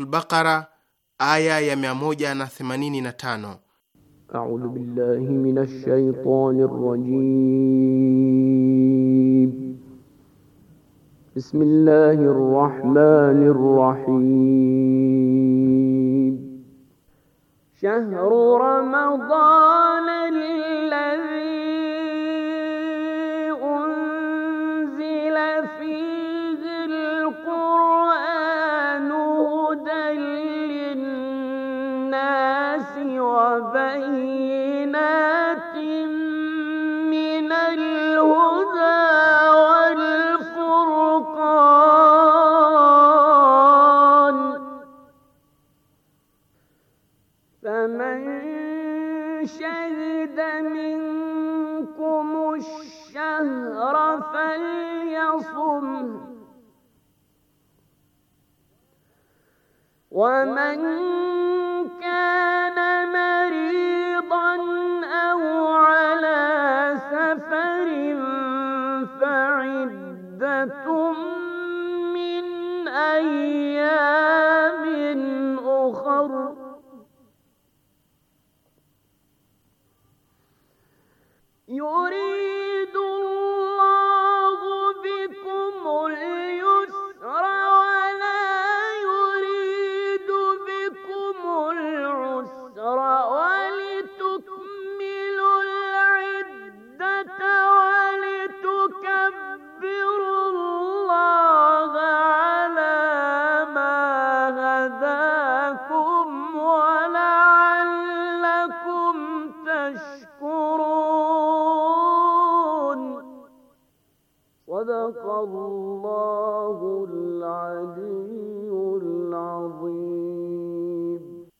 Suratul Baqara aya ya 185. A'udhu billahi minash shaitani rrajim. Bismillahir rahmanir rahim. Shahru ramadana الناس وبينات من الهدى والفرقان فمن شهد منكم الشهر فليصم ومن Señores.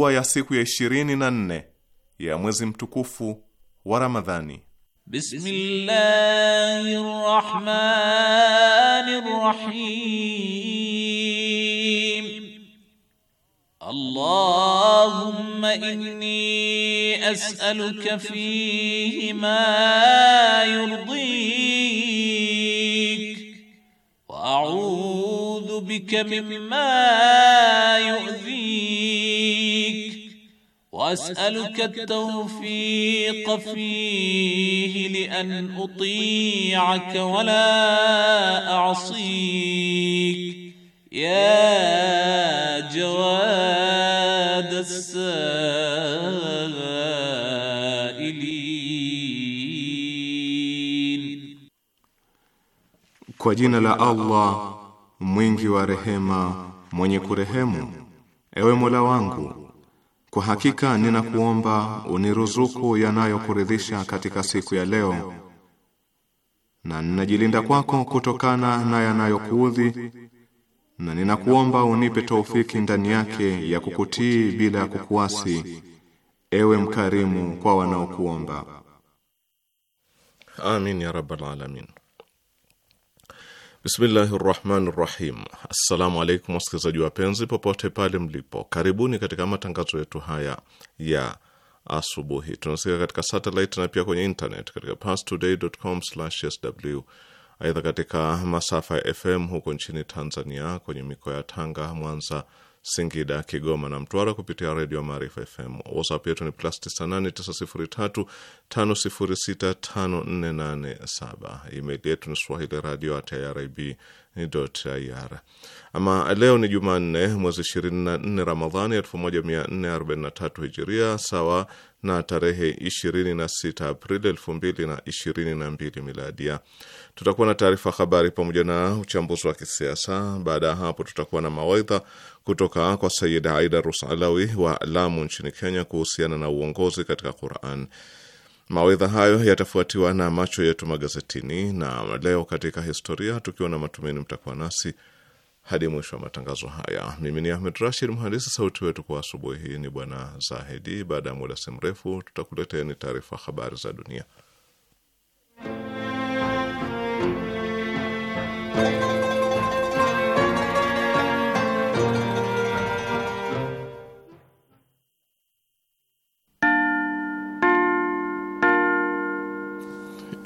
dua ya siku ya ishirini na nne ya mwezi mtukufu wa Ramadhani. Bismillahirrahmanirrahim. Allahumma inni as'aluka fihi ma yurdik wa a'udhu bika mimma yu'dhik واسالك التوفيق فيه لان اطيعك ولا اعصيك يا جواد السائلين كوجين لا الله موينجي ورحمه مونيكو كرهمه ايوه مولا وانكو Kwa hakika ninakuomba uniruzuku yanayokuridhisha katika siku ya leo, na ninajilinda kwako kutokana na yanayokuudhi, na ninakuomba unipe taufiki ndani yake ya kukutii bila ya kukuasi, ewe mkarimu kwa wanaokuomba. Amin ya rabbal alamin. Bismillahi rahmani rahim. Assalamu alaikum wasikilizaji wapenzi, popote pale mlipo, karibuni katika matangazo yetu haya ya asubuhi. Tunasikia katika satelit na pia kwenye internet katika pastodaycom sw Aidha, katika masafa ya FM huko nchini Tanzania, kwenye mikoa ya Tanga, Mwanza Singida, Kigoma na Mtwara kupitia redio Maarifa FM. WhatsApp yetu ni plus 989035065487. Email yetu ni swahili radio at irib ir. Ama leo ni Jumanne, mwezi 24 Ramadhani 1443 Hijiria, sawa na tarehe 26 Aprili 2022 Miladia. Tutakuwa na taarifa habari pamoja na uchambuzi wa kisiasa. Baada ya hapo, tutakuwa na mawaidha kutoka kwa Sayid Aida Rusalawi wa Lamu nchini Kenya kuhusiana na uongozi katika Quran. Mawedha hayo yatafuatiwa na macho yetu magazetini na leo katika historia, tukiwa na matumaini mtakuwa nasi hadi mwisho wa matangazo haya. Mimi ni Ahmed Rashid, mhandisi sauti wetu kwa asubuhi hii ni Bwana Zahedi. Baada ya muda si mrefu, tutakuleteni taarifa habari za dunia.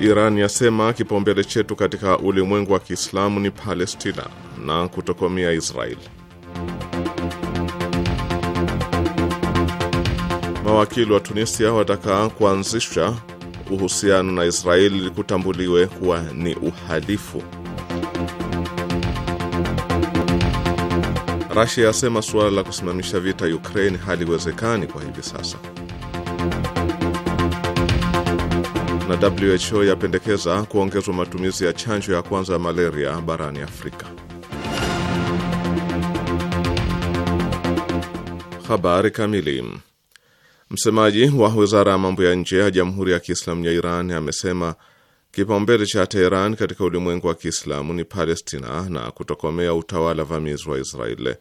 Iran yasema kipaumbele chetu katika ulimwengu wa Kiislamu ni Palestina na kutokomea Israeli. Mawakili wa Tunisia wataka kuanzisha uhusiano na Israeli kutambuliwe kuwa ni uhalifu. Rasia yasema suala la kusimamisha vita Ukraine haliwezekani kwa hivi sasa na WHO yapendekeza kuongezwa matumizi ya chanjo ya kwanza ya malaria barani Afrika. Habari kamili. Msemaji wa wizara ya mambo ya nje ya Jamhuri ya Kiislamu ya Iran amesema kipaumbele cha Teheran katika ulimwengu wa Kiislamu ni Palestina na kutokomea utawala vamizi wa Israeli.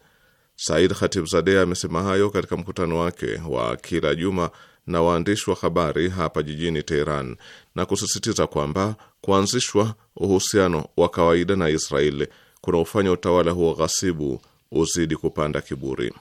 Said Khatibzadeh amesema hayo katika mkutano wake wa kila juma na waandishi wa habari hapa jijini Teheran na kusisitiza kwamba kuanzishwa uhusiano wa kawaida na Israeli ufanya utawala huo ghasibu uzidi kupanda kiburi.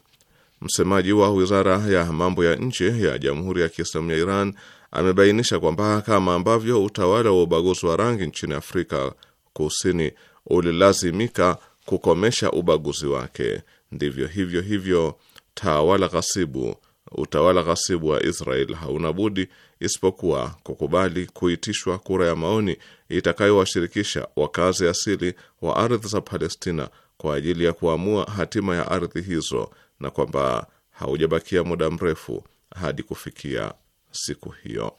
Msemaji wa wizara ya mambo ya nje ya Jamhuri ya Kiislamu ya Iran amebainisha kwamba kama ambavyo utawala wa ubaguzi wa rangi nchini Afrika Kusini ulilazimika kukomesha ubaguzi wake, ndivyo hivyo hivyo tawala ghasibu utawala ghasibu wa Israel hauna budi isipokuwa kukubali kuitishwa kura ya maoni itakayowashirikisha wakazi asili wa ardhi za Palestina kwa ajili ya kuamua hatima ya ardhi hizo na kwamba haujabakia muda mrefu hadi kufikia siku hiyo.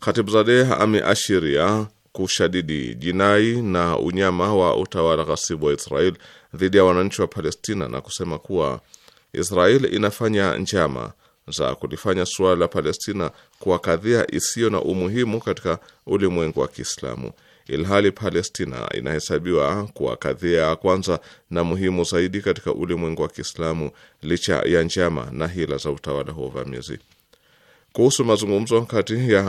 Khatibzadeh ameashiria kushadidi jinai na unyama wa utawala ghasibu wa Israel dhidi ya wananchi wa Palestina na kusema kuwa Israel inafanya njama za kulifanya suala la Palestina kuwa kadhia isiyo na umuhimu katika ulimwengu wa Kiislamu, ilhali Palestina inahesabiwa kuwa kadhia ya kwanza na muhimu zaidi katika ulimwengu wa Kiislamu, licha ya njama na hila za utawala huo vamizi. Kuhusu mazungumzo kati ya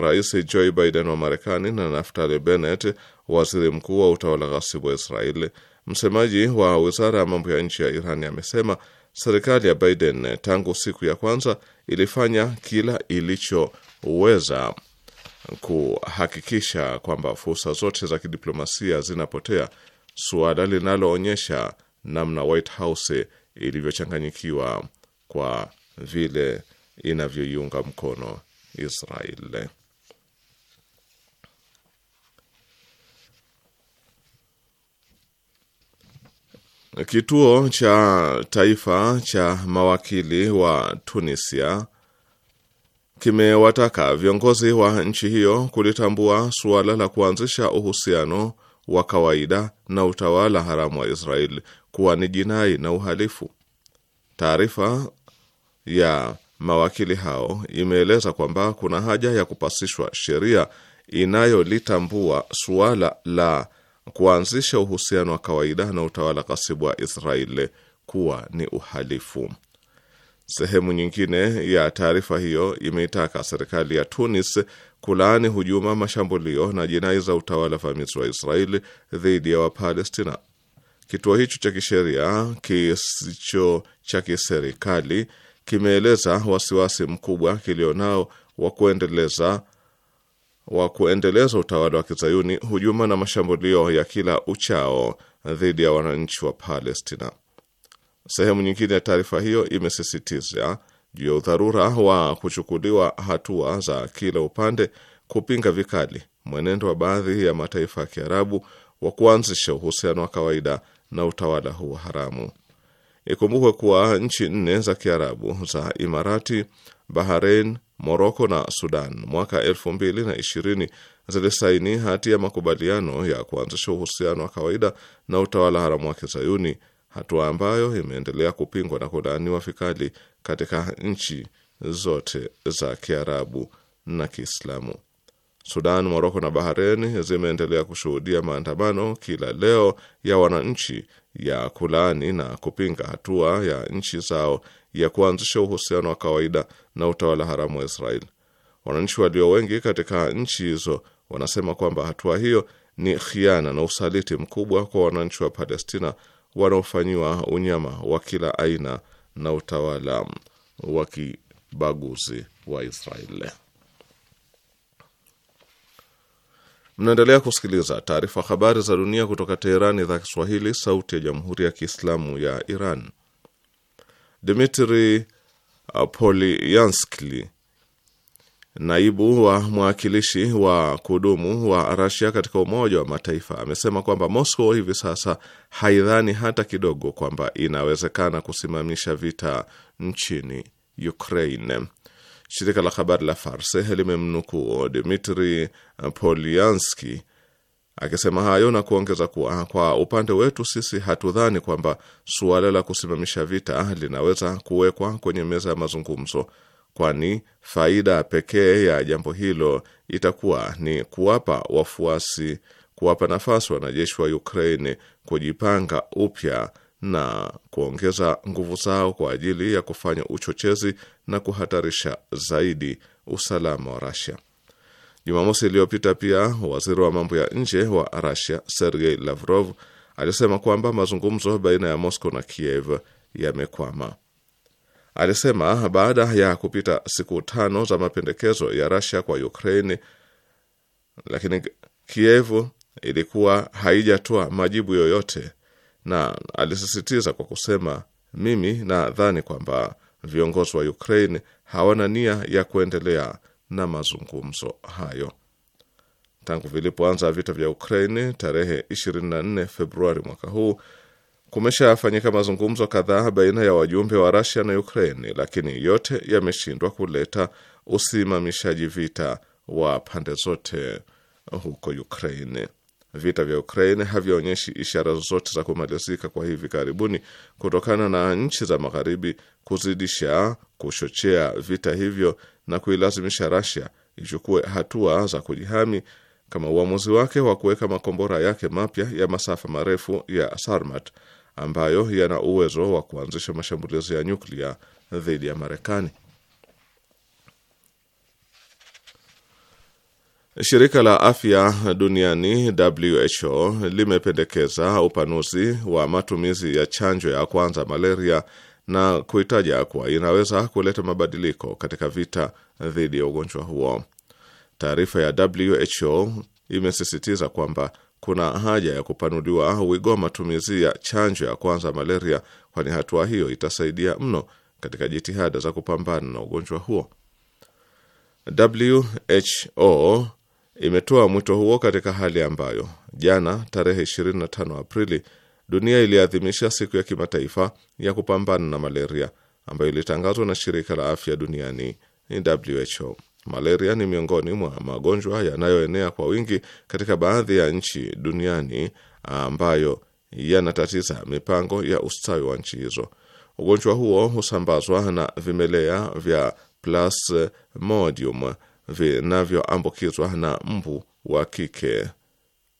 Rais Joe Biden wa Marekani na Naftali Bennett, waziri mkuu wa utawala ghasibu wa Israeli, msemaji wa wizara ya mambo ya nchi ya iran amesema Serikali ya Biden tangu siku ya kwanza ilifanya kila ilichoweza kuhakikisha kwamba fursa zote za kidiplomasia zinapotea, suala linaloonyesha namna White House ilivyochanganyikiwa kwa vile inavyoiunga mkono Israel. Kituo cha taifa cha mawakili wa Tunisia kimewataka viongozi wa nchi hiyo kulitambua suala la kuanzisha uhusiano wa kawaida na utawala haramu wa Israel kuwa ni jinai na uhalifu. Taarifa ya mawakili hao imeeleza kwamba kuna haja ya kupasishwa sheria inayolitambua suala la kuanzisha uhusiano wa kawaida na utawala kasibu wa Israeli kuwa ni uhalifu. Sehemu nyingine ya taarifa hiyo imeitaka serikali ya Tunis kulaani hujuma, mashambulio na jinai za utawala vamizi wa Israeli dhidi ya Wapalestina. Kituo hicho cha kisheria kisicho cha kiserikali kimeeleza wasiwasi mkubwa kilionao wa kuendeleza wa kuendeleza utawala wa kizayuni hujuma na mashambulio ya kila uchao dhidi ya wananchi wa Palestina. Sehemu nyingine ya taarifa hiyo imesisitiza juu ya udharura wa kuchukuliwa hatua za kila upande kupinga vikali mwenendo wa baadhi ya mataifa ya Kiarabu wa kuanzisha uhusiano wa kawaida na utawala huu haramu. Ikumbukwe kuwa nchi nne za Kiarabu za Imarati, Bahrain, Moroko na Sudan mwaka 2020 zilisaini hati ya makubaliano ya kuanzisha uhusiano wa kawaida na utawala haramu wa Kizayuni, hatua ambayo imeendelea kupingwa na kulaaniwa vikali katika nchi zote za Kiarabu na Kiislamu. Sudan, Moroko na Bahrain zimeendelea kushuhudia maandamano kila leo ya wananchi ya kulaani na kupinga hatua ya nchi zao ya kuanzisha uhusiano wa kawaida na utawala haramu wa israel Wananchi walio wengi katika nchi hizo wanasema kwamba hatua hiyo ni khiana na usaliti mkubwa kwa wananchi wa Palestina wanaofanyiwa unyama wa kila aina na utawala wa kibaguzi wa Israeli. Mnaendelea kusikiliza taarifa habari za dunia kutoka Teherani, idhaa Kiswahili, sauti ya jamhuri ya kiislamu ya Iran. Dmitri uh, Polyanskli, naibu wa mwakilishi wa kudumu wa Rasia katika Umoja wa Mataifa, amesema kwamba Moscow hivi sasa haidhani hata kidogo kwamba inawezekana kusimamisha vita nchini Ukraine. Shirika la habari la Farse limemnukuu Dmitri Polyanski Akisema hayo na kuongeza kuwa kwa upande wetu sisi hatudhani kwamba suala la kusimamisha vita linaweza kuwekwa kwenye meza ya mazungumzo, kwani faida pekee ya jambo hilo itakuwa ni kuwapa wafuasi, kuwapa nafasi wanajeshi wa Ukraine kujipanga upya na kuongeza nguvu zao kwa ajili ya kufanya uchochezi na kuhatarisha zaidi usalama wa Russia. Jumamosi iliyopita pia waziri wa mambo ya nje wa rasia Sergei Lavrov alisema kwamba mazungumzo baina ya Moscow na Kiev yamekwama. Alisema baada ya kupita siku tano za mapendekezo ya rasia kwa ukrain lakini Kiev ilikuwa haijatoa majibu yoyote, na alisisitiza kwa kusema, mimi nadhani kwamba viongozi wa ukrain hawana nia ya kuendelea na mazungumzo hayo. Tangu vilipoanza vita vya Ukraini tarehe 24 Februari mwaka huu kumeshafanyika mazungumzo kadhaa baina ya wajumbe wa Rasia na Ukraini, lakini yote yameshindwa kuleta usimamishaji vita wa pande zote huko Ukraini. Vita vya Ukraine havionyeshi ishara zozote za kumalizika kwa hivi karibuni kutokana na nchi za magharibi kuzidisha kuchochea vita hivyo na kuilazimisha Russia ichukue hatua za kujihami kama uamuzi wake wa kuweka makombora yake mapya ya masafa marefu ya Sarmat ambayo yana uwezo wa kuanzisha mashambulizi ya nyuklia dhidi ya Marekani. Shirika la afya duniani WHO limependekeza upanuzi wa matumizi ya chanjo ya kwanza malaria na kuitaja kuwa inaweza kuleta mabadiliko katika vita dhidi ya ugonjwa huo. Taarifa ya WHO imesisitiza kwamba kuna haja ya kupanuliwa wigo wa matumizi ya chanjo ya kwanza malaria, kwani hatua hiyo itasaidia mno katika jitihada za kupambana na ugonjwa huo. WHO imetoa mwito huo katika hali ambayo jana tarehe 25 Aprili dunia iliadhimisha siku ya kimataifa ya kupambana na malaria ambayo ilitangazwa na shirika la afya duniani WHO. Malaria ni miongoni mwa magonjwa yanayoenea kwa wingi katika baadhi ya nchi duniani ambayo yanatatiza mipango ya ustawi wa nchi hizo. Ugonjwa huo husambazwa na vimelea vya Plasmodium vinavyoambukizwa na mbu wa kike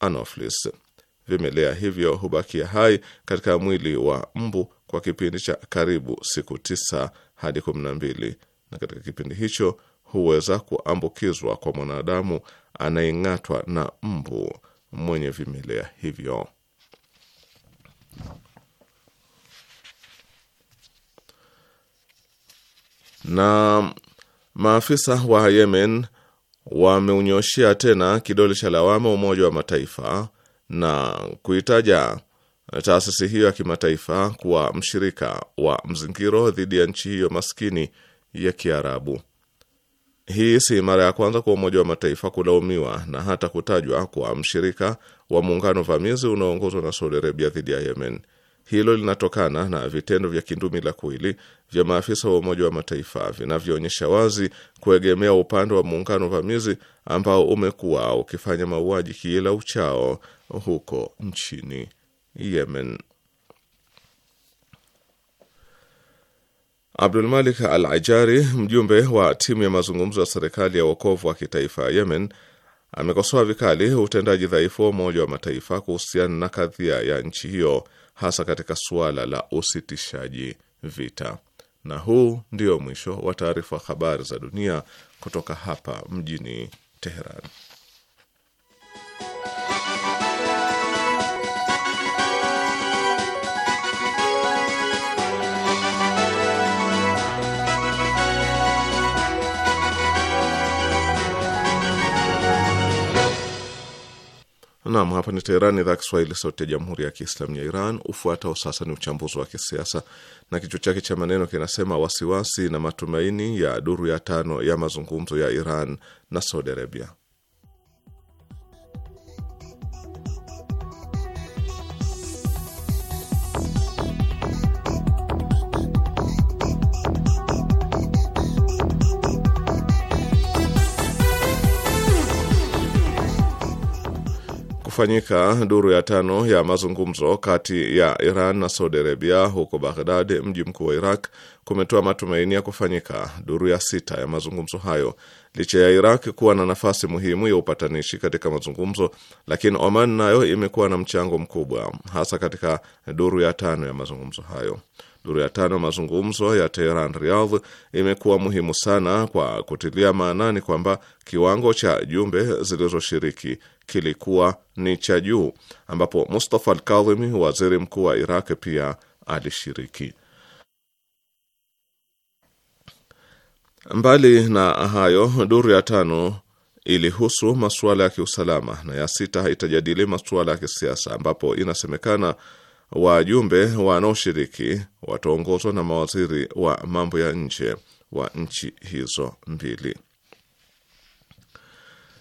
Anopheles. Vimelea hivyo hubakia hai katika mwili wa mbu kwa kipindi cha karibu siku tisa hadi kumi na mbili na katika kipindi hicho huweza kuambukizwa kwa mwanadamu anayeng'atwa na mbu mwenye vimelea hivyo. Na Maafisa wa Yemen wameunyoshia tena kidole cha lawama Umoja wa Mataifa na kuitaja taasisi hiyo ya kimataifa kuwa mshirika wa mzingiro dhidi ya nchi hiyo maskini ya Kiarabu. Hii si mara ya kwanza kwa Umoja wa Mataifa kulaumiwa na hata kutajwa kwa mshirika wa muungano vamizi unaoongozwa na Saudi Arabia dhidi ya Yemen. Hilo linatokana na vitendo vya kindumi la kuili vya maafisa wa Umoja wa Mataifa vinavyoonyesha wazi kuegemea upande wa muungano vamizi ambao umekuwa ukifanya mauaji kila uchao huko nchini Yemen. Abdulmalik Al Ajari, mjumbe wa timu ya mazungumzo ya serikali ya wokovu wa kitaifa ya Yemen, amekosoa vikali utendaji dhaifu wa Umoja wa Mataifa kuhusiana na kadhia ya nchi hiyo hasa katika suala la usitishaji vita. Na huu ndio mwisho wa taarifa habari za dunia kutoka hapa mjini Teheran. Naam, hapa ni Teheran, idhaa Kiswahili, sauti ya jamhuri ya kiislamu ya Iran. Ufuatao sasa ni uchambuzi wa kisiasa na kichwa chake cha maneno kinasema wasiwasi na matumaini ya duru ya tano ya mazungumzo ya Iran na Saudi Arabia. kufanyika duru ya tano ya mazungumzo kati ya Iran na Saudi Arabia huko Baghdad, mji mkuu wa Iraq, kumetoa matumaini ya kufanyika duru ya sita ya mazungumzo hayo. Licha ya Iraq kuwa na nafasi muhimu ya upatanishi katika mazungumzo, lakini Oman nayo imekuwa na mchango mkubwa, hasa katika duru ya tano ya mazungumzo hayo. Duru ya tano mazungumzo ya Teheran Riyadh imekuwa muhimu sana kwa kutilia maanani kwamba kiwango cha jumbe zilizoshiriki kilikuwa ni cha juu, ambapo Mustafa Alkadhimi, waziri mkuu wa Iraq, pia alishiriki. Mbali na hayo, duru ya tano ilihusu masuala ya kiusalama na ya sita itajadili masuala ya kisiasa, ambapo inasemekana Wajumbe wanaoshiriki wataongozwa na mawaziri wa mambo ya nje wa nchi hizo mbili.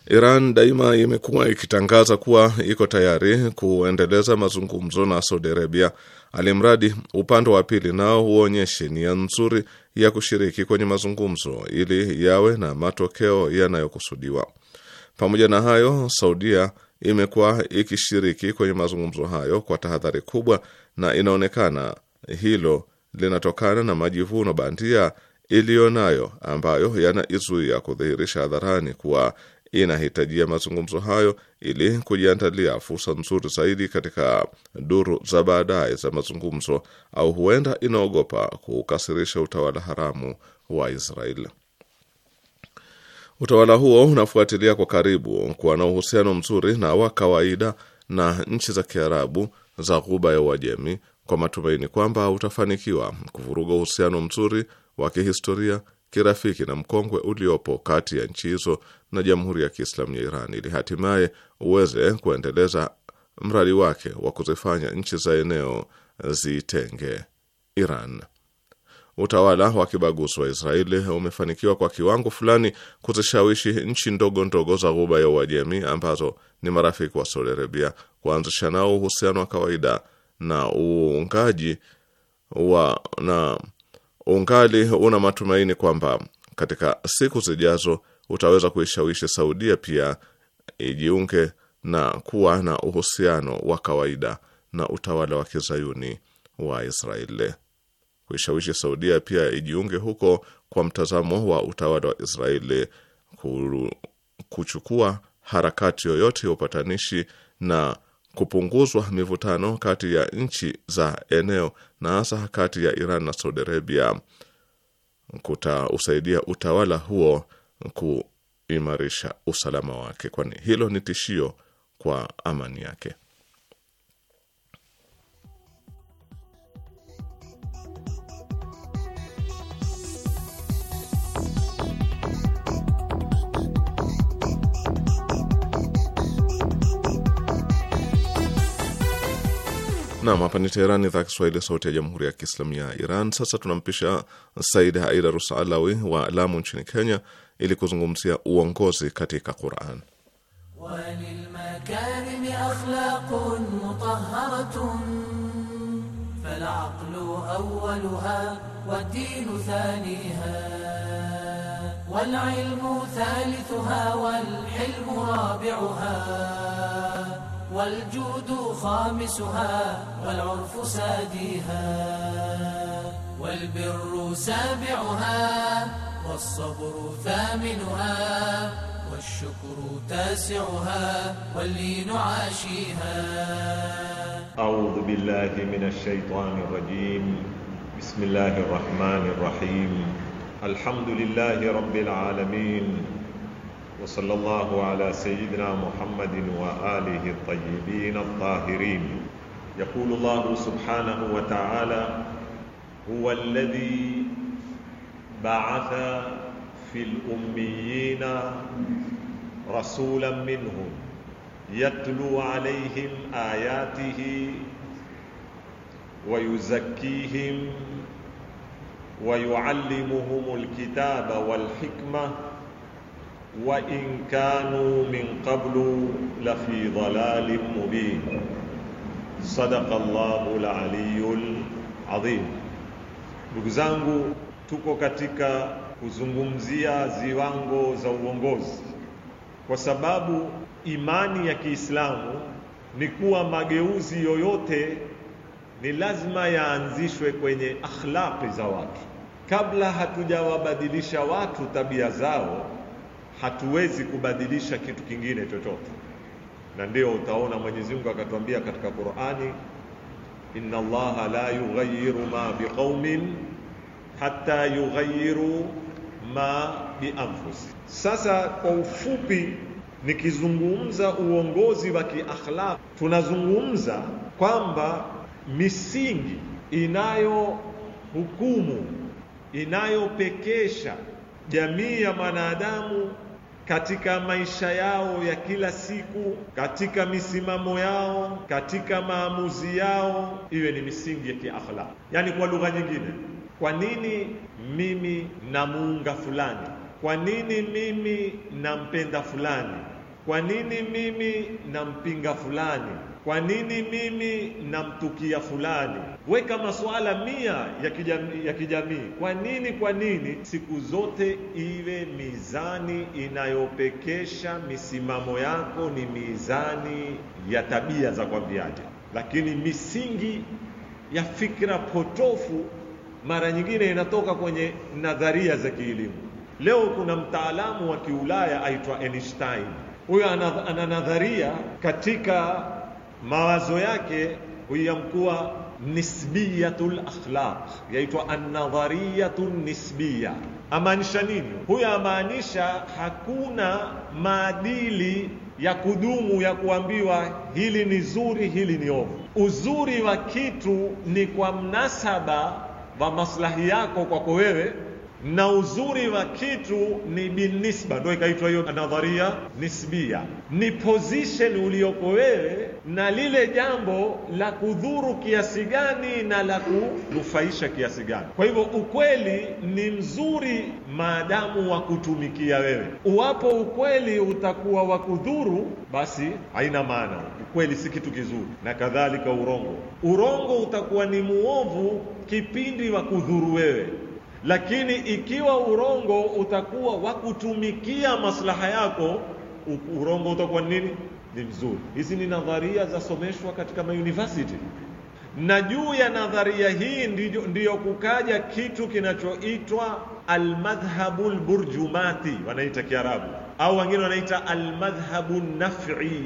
Iran daima imekuwa ikitangaza kuwa iko tayari kuendeleza mazungumzo na Saudi Arabia, alimradi upande wa pili nao huonyeshe nia nzuri ya kushiriki kwenye mazungumzo ili yawe na matokeo yanayokusudiwa. Pamoja na hayo, Saudia imekuwa ikishiriki kwenye mazungumzo hayo kwa tahadhari kubwa, na inaonekana hilo linatokana na majivuno bandia iliyo nayo ambayo yanaizuia kudhihirisha hadharani kuwa inahitajia mazungumzo hayo ili kujiandalia fursa nzuri zaidi katika duru za baadaye za mazungumzo, au huenda inaogopa kukasirisha utawala haramu wa Israeli. Utawala huo unafuatilia kwa karibu kuwa na uhusiano mzuri na wa kawaida na nchi za Kiarabu za Ghuba ya Uajemi kwa matumaini kwamba utafanikiwa kuvuruga uhusiano mzuri wa kihistoria, kirafiki na mkongwe uliopo kati ya nchi hizo na Jamhuri ya Kiislamu ya Iran ili hatimaye uweze kuendeleza mradi wake wa kuzifanya nchi za eneo zitenge Iran. Utawala wa kibaguzi wa Israeli umefanikiwa kwa kiwango fulani kuzishawishi nchi ndogo ndogo za Ghuba ya Uajemi ambazo ni marafiki wa Saudi Arabia kuanzisha nao uhusiano wa kawaida na uungaji wa na ungali una matumaini kwamba katika siku zijazo utaweza kuishawishi Saudia pia ijiunge na kuwa na uhusiano wa kawaida na utawala wa kizayuni wa Israeli kuishawishi Saudia pia ijiunge huko kwa mtazamo wa utawala wa Israeli kuchukua harakati yoyote ya upatanishi na kupunguzwa mivutano kati ya nchi za eneo na hasa kati ya Iran na Saudi Arabia kutausaidia utawala huo kuimarisha usalama wake, kwani hilo ni tishio kwa amani yake. Nam, hapa ni Teherani, idhaa Kiswahili, sauti ya jamhuri ya kiislamu ya Iran. Sasa tunampisha Said Haida Rusalawi wa Lamu nchini Kenya ili kuzungumzia uongozi katika Quran. والجود خامسها والعرف ساديها والبر سابعها والصبر ثامنها والشكر تاسعها واللين عاشيها أعوذ بالله من الشيطان الرجيم بسم الله الرحمن الرحيم الحمد لله رب العالمين وصلى الله على سيدنا محمد وآله الطيبين الطاهرين يقول الله سبحانه وتعالى هو الذي بعث في الأميين رسولا منهم يتلو عليهم آياته ويزكيهم ويعلمهم الكتاب والحكمه wa in kanu min qablu la fi dhalalin mubin sadaqa Allahu al-aliyyul adhim. Ndugu zangu, tuko katika kuzungumzia ziwango za uongozi, kwa sababu imani ya Kiislamu ni kuwa mageuzi yoyote ni lazima yaanzishwe kwenye akhlaqi za watu. Kabla hatujawabadilisha watu tabia zao hatuwezi kubadilisha kitu kingine chochote, na ndio utaona Mwenyezi Mungu akatuambia katika Qur'ani, inna Allaha la yughayyiru ma biqaumin hatta yughayyiru ma bianfusi. Sasa kwa ufupi, nikizungumza uongozi wa kiakhlaq, tunazungumza kwamba misingi inayohukumu inayopekesha jamii ya mwanadamu katika maisha yao ya kila siku, katika misimamo yao, katika maamuzi yao, iwe ni misingi ya kiakhlaq. Yaani kwa lugha nyingine, kwa nini mimi namuunga fulani? Kwa nini mimi nampenda fulani? Kwa nini mimi nampinga fulani? Kwa nini mimi namtukia fulani? Weka masuala mia ya kijamii, ya kijamii. Kwa nini? Kwa nini siku zote iwe mizani inayopekesha misimamo yako ni mizani ya tabia za kwambiaje, lakini misingi ya fikra potofu mara nyingine inatoka kwenye nadharia za kielimu. Leo kuna mtaalamu wa Kiulaya aitwa Einstein, huyo ana, ana nadharia katika mawazo yake huyamkuwa nisbiyatul akhlaq, yaitwa an-nadhariyatun nisbiya. Amaanisha nini huyo? Amaanisha hakuna maadili ya kudumu ya kuambiwa hili ni zuri, hili ni ovu. Uzuri wa kitu ni kwa mnasaba wa maslahi yako kwako wewe na uzuri wa kitu ni binisba, ndio ikaitwa hiyo nadharia nisbia. Ni position uliyoko wewe na lile jambo la kudhuru kiasi gani na la kunufaisha kiasi gani. Kwa hivyo ukweli ni mzuri maadamu wa kutumikia wewe. Uwapo ukweli utakuwa wa kudhuru, basi haina maana, ukweli si kitu kizuri. Na kadhalika urongo, urongo utakuwa ni muovu kipindi wa kudhuru wewe lakini ikiwa urongo utakuwa wa kutumikia maslaha yako, urongo utakuwa nini? Ni mzuri. Hizi ni nadharia zasomeshwa katika mauniversity, na juu ya nadharia hii ndiyo, ndiyo kukaja kitu kinachoitwa almadhhabu lburjumati, wanaita Kiarabu au wengine wanaita almadhhabu naf'i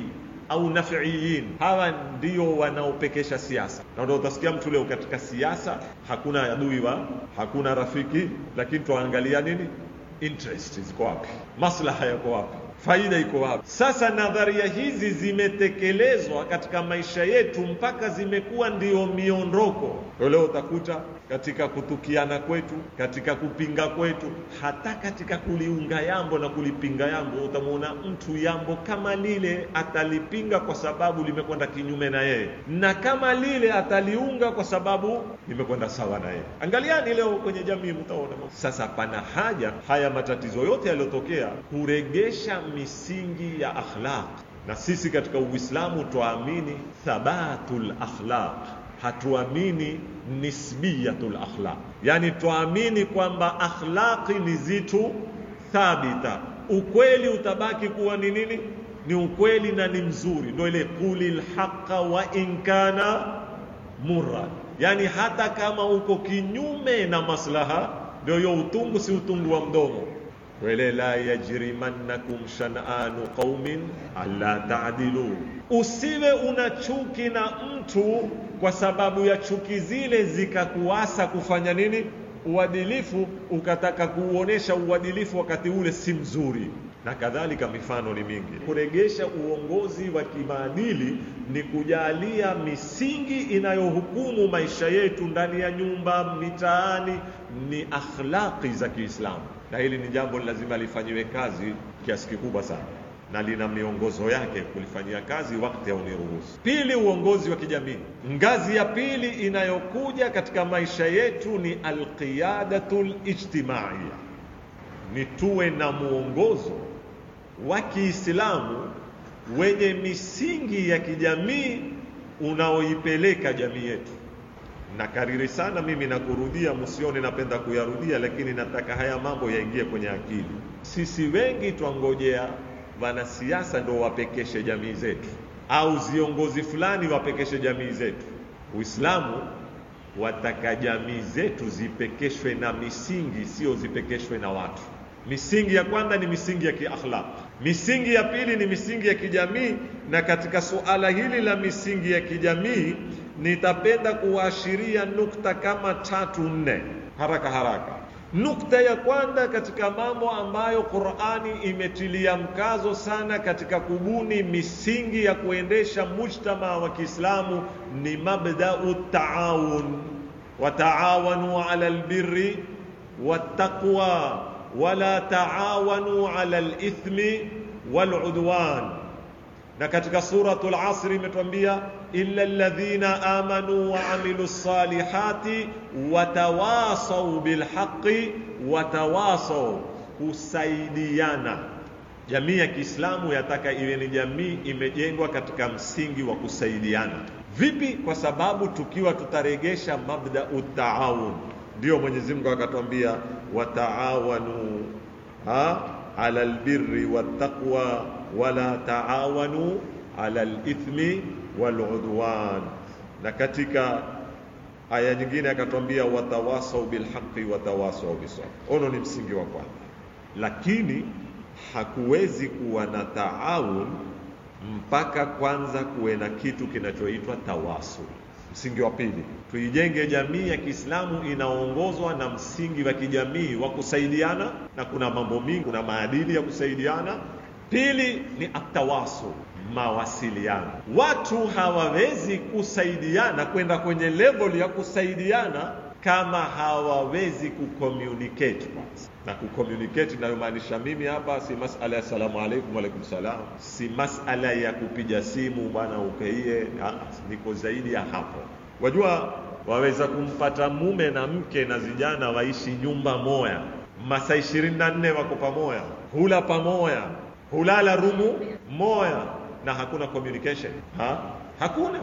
au nafiiin. Hawa ndio wanaopekesha siasa, na ndio utasikia mtu leo katika siasa hakuna adui wa hakuna rafiki, lakini tuangalia nini, interest ziko wapi, maslaha yako wapi, faida iko wapi? Sasa nadharia hizi zimetekelezwa katika maisha yetu mpaka zimekuwa ndio miondoko. Leo utakuta katika kutukiana kwetu, katika kupinga kwetu, hata katika kuliunga yambo na kulipinga yambo. Utamwona mtu yambo kama lile atalipinga kwa sababu limekwenda kinyume na yeye, na kama lile ataliunga kwa sababu limekwenda sawa na yeye. Angaliani leo kwenye jamii, mtaona sasa. Pana haja haya matatizo yote yaliyotokea kuregesha misingi ya akhlaq, na sisi katika Uislamu twaamini thabatul akhlaq hatuamini nisbiyatul akhlaq, yani twaamini kwamba akhlaqi ni zitu thabita, ukweli utabaki kuwa ni nini? Ni ukweli na ni mzuri, ndio ile qulil haqa wa inkana murra, yani hata kama uko kinyume na maslaha. Ndio hiyo utungu, si utungu wa mdomo wele la yajrimannakum shan'anu qaumin alla ta'dilu, usiwe una chuki na mtu kwa sababu ya chuki zile zikakuasa kufanya nini? Uadilifu, ukataka kuuonesha uadilifu wakati ule si mzuri, na kadhalika. Mifano ni mingi. Kuregesha uongozi wa kimaadili ni kujalia misingi inayohukumu maisha yetu ndani ya nyumba, mitaani, ni akhlaqi za Kiislamu na hili ni jambo lazima lifanyiwe kazi kiasi kikubwa sana, na lina miongozo yake kulifanyia kazi wakati hauniruhusu. Pili, uongozi wa kijamii. Ngazi ya pili inayokuja katika maisha yetu ni alqiyadatul ijtimaiya, ni tuwe na mwongozo wa Kiislamu wenye misingi ya kijamii unaoipeleka jamii yetu nakariri sana mimi na kurudia, msioni napenda kuyarudia, lakini nataka haya mambo yaingie kwenye akili. Sisi wengi twangojea wanasiasa ndio wapekeshe jamii zetu, au viongozi fulani wapekeshe jamii zetu. Uislamu wataka jamii zetu zipekeshwe na misingi, sio zipekeshwe na watu. Misingi ya kwanza ni misingi ya kiakhlaq, misingi ya pili ni misingi ya kijamii. Na katika suala hili la misingi ya kijamii Nitapenda kuwaashiria nukta kama tatu nne haraka haraka. Nukta ya kwanza katika mambo ambayo Qur'ani imetilia mkazo sana katika kubuni misingi ya kuendesha mujtamaa wa Kiislamu ni mabda'u taawun, wa taawanu ala albirri wattaqwa wala taawanu ala alithmi waludwan. Na katika suratul Asr imetwambia إلا الذين آمنوا وعملوا الصالحات salihati بالحق bilhaqi watawasau, husaidiana. Jamii ya Kiislamu yataka iwe ni jamii imejengwa katika msingi wa kusaidiana. Vipi? Kwa sababu tukiwa tutaregesha mabdau utaawun, ndio Mwenyezi Mungu akatwambia wataawanu ala albirri wattaqwa wala taawanu ala alithmi waludwan. Na katika aya nyingine akatwambia watawasau bilhaqi watawasau bisabr. Ono ni msingi wa kwanza, lakini hakuwezi kuwa na taawun mpaka kwanza kuwe na kitu kinachoitwa tawasul. Msingi wa pili, tuijenge jamii ya Kiislamu inaongozwa na msingi wa kijamii wa kusaidiana, na kuna mambo mingi, kuna maadili ya kusaidiana. Pili ni atawasul mawasiliano. Watu hawawezi kusaidiana kwenda kwenye level ya kusaidiana kama hawawezi kucommunicate kwanza, na kucommunicate inayomaanisha mimi hapa si masala ya salamu alaikum, alaikum salam, si masala ya kupiga simu bwana ukeie ah, niko zaidi ya hapo. Wajua, waweza kumpata mume na mke na vijana waishi nyumba moya, masaa ishirini na nne wako pamoya, hula pamoya, hulala rumu moya na hakuna communication ha? Hakuna.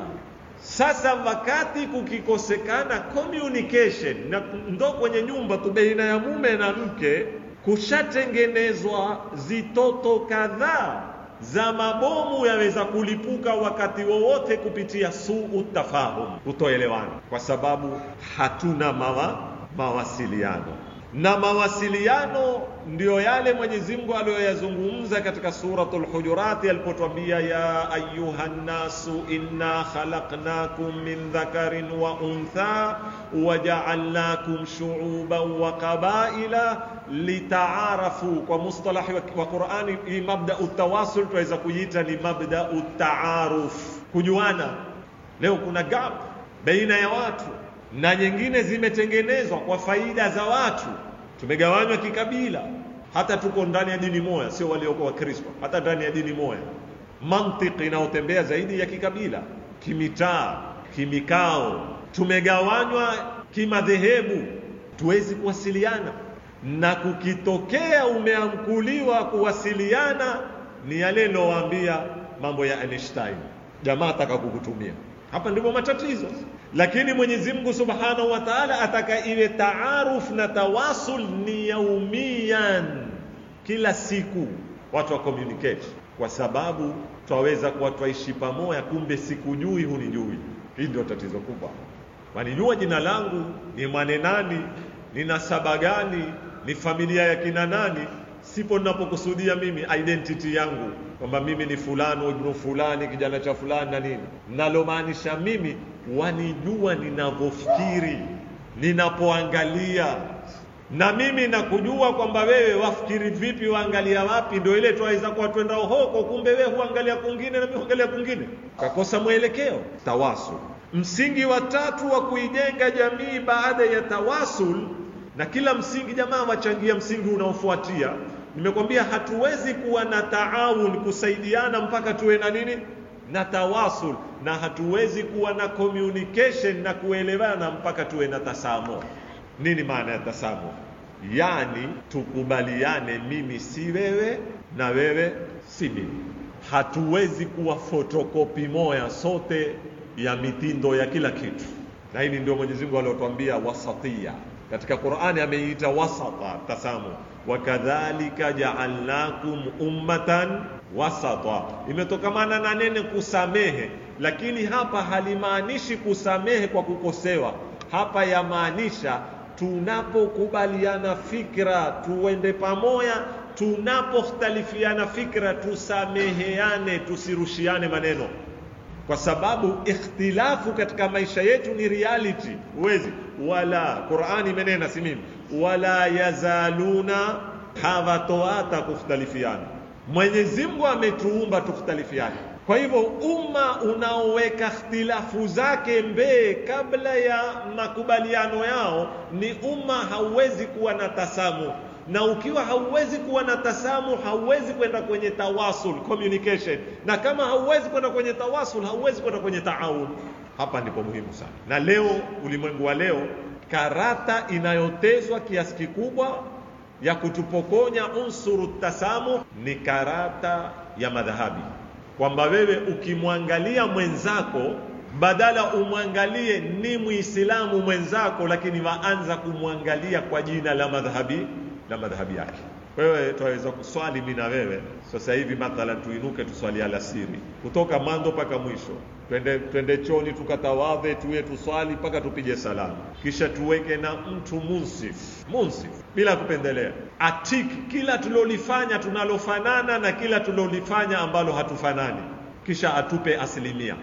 Sasa wakati kukikosekana communication, na ndo kwenye nyumba tu baina ya mume na mke kushatengenezwa zitoto kadhaa za mabomu yaweza kulipuka wakati wowote kupitia suu tafahum, kutoelewana, kwa sababu hatuna mawa, mawasiliano na mawasiliano ndiyo yale Mwenyezi Mungu aliyoyazungumza katika suratul Hujurati alipotwambia, ya ayuha nnasu inna khalaqnakum min dhakarin wa untha wajaalnakum shuuban wa qabaila litaarafu. Kwa mustalahi wa Qurani, hii mabdau utawasul tunaweza kuiita ni mabda utaaruf, kujuana. Leo kuna gap baina ya watu na nyingine zimetengenezwa kwa faida za watu. Tumegawanywa kikabila, hata tuko ndani ya dini moja, sio walioko Wakristo, hata ndani ya dini moja, mantiki inayotembea zaidi ya kikabila, kimitaa, kimikao, tumegawanywa kimadhehebu, tuwezi kuwasiliana na kukitokea umeamkuliwa kuwasiliana, ni yale nilowaambia mambo ya Einstein, jamaa ataka kukutumia hapa ndipo matatizo. Lakini Mwenyezi Mungu Subhanahu wa Ta'ala ataka iwe taaruf na tawasul ni yaumian, kila siku watu wa communicate, kwa sababu twaweza kuwa twaishi pamoja, kumbe sikujui hunijui. Hii ndio tatizo kubwa. Wanijua jina langu, ni mwane nani, nina saba gani, ni familia ya kina nani sipo ninapokusudia mimi identity yangu kwamba mimi ni fulano ibnu fulani kijana cha fulani na nini. Nalomaanisha mimi wanijua ninavyofikiri, ninapoangalia na mimi nakujua kwamba wewe wafikiri vipi, waangalia wapi. Ndio ile twaweza kuwa twenda uhoko, kumbe wewe huangalia kungine na mimi huangalia kungine, kakosa mwelekeo. Tawasul, msingi wa tatu wa kuijenga jamii baada ya tawasul na kila msingi jamaa wachangia msingi unaofuatia. Nimekwambia hatuwezi kuwa na taawun kusaidiana mpaka tuwe na nini na tawasul, na hatuwezi kuwa na communication na kuelewana mpaka tuwe na tasamo. Nini maana ya tasamo? yani tukubaliane, mimi si wewe na wewe si mimi. Hatuwezi kuwa fotokopi moya sote ya mitindo ya kila kitu, na hili ndio Mwenyezi Mungu aliyotuambia wasatia katika Qur'ani ameiita wasata tasamu, wakadhalika ja'alnakum ummatan wasata, imetokamana na nene kusamehe, lakini hapa halimaanishi kusamehe kwa kukosewa. Hapa yamaanisha tunapokubaliana fikra tuende pamoja, tunapokhtalifiana fikra tusameheane, tusirushiane maneno kwa sababu ikhtilafu katika maisha yetu ni reality. Uwezi wala Qur'ani imenena, si mimi, wala yazaluna, hawatoata kukhtalifiana. Mwenyezi Mungu ametuumba tukhtalifiane. Kwa hivyo umma unaoweka ikhtilafu zake mbee kabla ya makubaliano yao ni umma hauwezi kuwa na tasamu na ukiwa hauwezi kuwa na tasamu, hauwezi kwenda kwenye tawasul communication, na kama hauwezi kwenda kwenye tawasul, hauwezi kwenda kwenye taawun. Hapa ndipo muhimu sana, na leo ulimwengu wa leo, karata inayotezwa kiasi kikubwa ya kutupokonya unsuru tasamu ni karata ya madhahabi, kwamba wewe ukimwangalia mwenzako badala umwangalie ni Muislamu mwenzako, lakini waanza kumwangalia kwa jina la madhhabi na madhhabi yake. Wewe twaweza kuswali mimi na wewe sasa hivi mathalan, tuinuke tuswali alasiri kutoka mwanzo mpaka mwisho, twende twende choni tukatawadhe, tuwe tuswali mpaka tupige salamu, kisha tuweke na mtu munsif munsif, bila kupendelea, atiki kila tulolifanya tunalofanana na kila tulolifanya ambalo hatufanani, kisha atupe asilimia.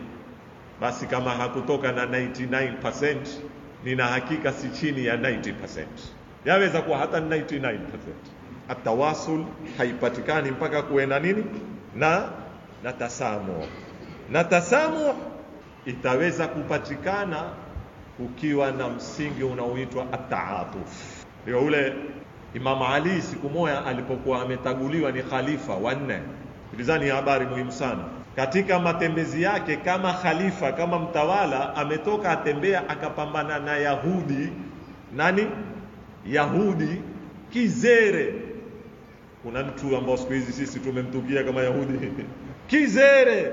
Basi kama hakutoka na 99% nina hakika si chini ya 90% yaweza kuwa hata 99%. Atawasul haipatikani mpaka kuwe na nini na na tasamuh, na tasamuh itaweza kupatikana ukiwa na msingi unaoitwa ataatuf. Ndio ule Imam Ali siku moja alipokuwa ametaguliwa ni khalifa wanne, ilizani habari muhimu sana katika matembezi yake kama khalifa, kama mtawala, ametoka atembea akapambana na Yahudi nani Yahudi kizere. Kuna mtu ambao siku hizi sisi tumemtukia kama Yahudi kizere,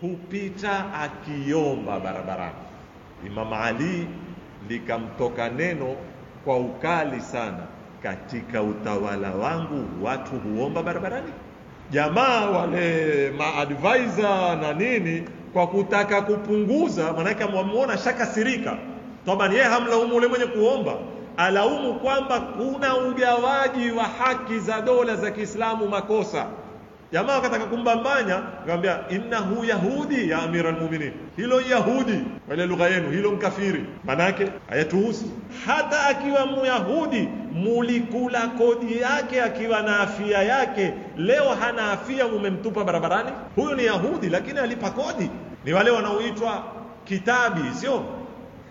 hupita akiomba barabarani. Imam Ali likamtoka neno kwa ukali sana, katika utawala wangu watu huomba barabarani. Jamaa wale maadvisor na nini, kwa kutaka kupunguza, maanake amwamwona shaka sirika tabani, yeye hamlaumu ule mwenye kuomba alaumu kwamba kuna ugawaji wa haki za dola za Kiislamu makosa. Jamaa akataka kumbambanya, akamwambia innahu yahudi ya amira almu'minin, hilo yahudi kwa ile lugha yenu, hilo mkafiri, manake hayatuhusi. Hata akiwa myahudi mulikula kodi yake akiwa na afia yake, leo hana afia, mumemtupa barabarani. Huyo ni yahudi, lakini alipa kodi. Ni wale wanaoitwa kitabi, sio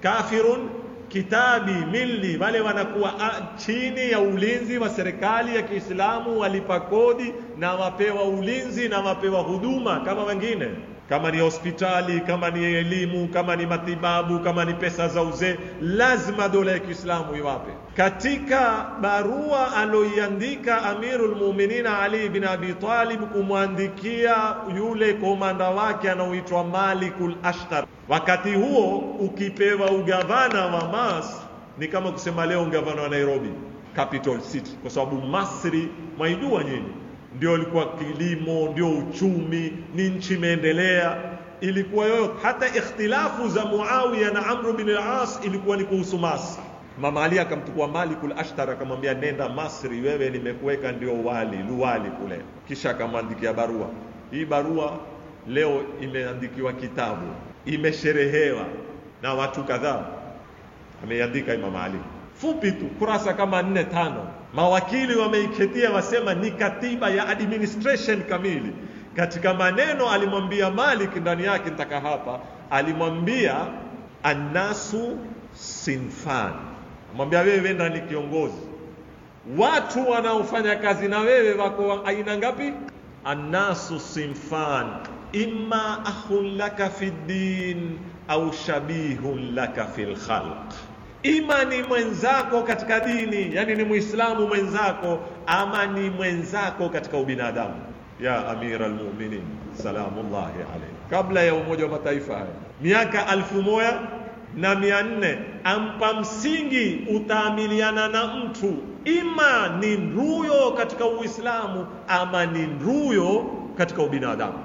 kafirun kitabi milli wale wanakuwa ah, chini ya ulinzi wa serikali ya Kiislamu, walipa kodi na wapewa ulinzi na wapewa huduma kama wengine kama ni hospitali, kama ni elimu, kama ni matibabu, kama ni pesa za uzee, lazima dola ya Kiislamu iwape. Katika barua aliyoiandika Amirul Mu'minin Ali bin Abi Talib kumwandikia yule komanda wake anaoitwa Malikul Ashtar, wakati huo ukipewa ugavana wa Mas ni kama kusema leo ugavana wa Nairobi capital city, kwa sababu Masri mwaijua nyinyi ndio ilikuwa kilimo, ndio uchumi, ni nchi imeendelea, ilikuwa yoyo. Hata ikhtilafu za Muawiya na Amr bin al-As ilikuwa ni kuhusu Masri. Mama Ali akamtukua Malikul Ashtar akamwambia, nenda Masri, wewe nimekuweka ndio wali luwali kule. Kisha akamwandikia barua. Hii barua leo imeandikiwa kitabu, imesherehewa na watu kadhaa, ameiandika Imam Ali, fupi tu kurasa kama nne tano Mawakili wameiketia wasema ni katiba ya administration kamili. Katika maneno alimwambia Malik ndani yake nitaka hapa, alimwambia annasu sinfan, amwambia wewe wenda ni kiongozi, watu wanaofanya kazi na wewe wako aina ngapi? Annasu sinfan, imma ahun laka fi ddin au shabihun laka fil khalq ima ni mwenzako katika dini, yani ni Muislamu mwenzako ama ni mwenzako katika ubinadamu. Ya Amira Almuminin, salamullahi alayhi. Kabla ya Umoja wa Mataifa haya miaka alfu moja na mia nne ampa msingi utaamiliana na mtu ima ni nduyo katika Uislamu ama ni nduyo katika ubinadamu.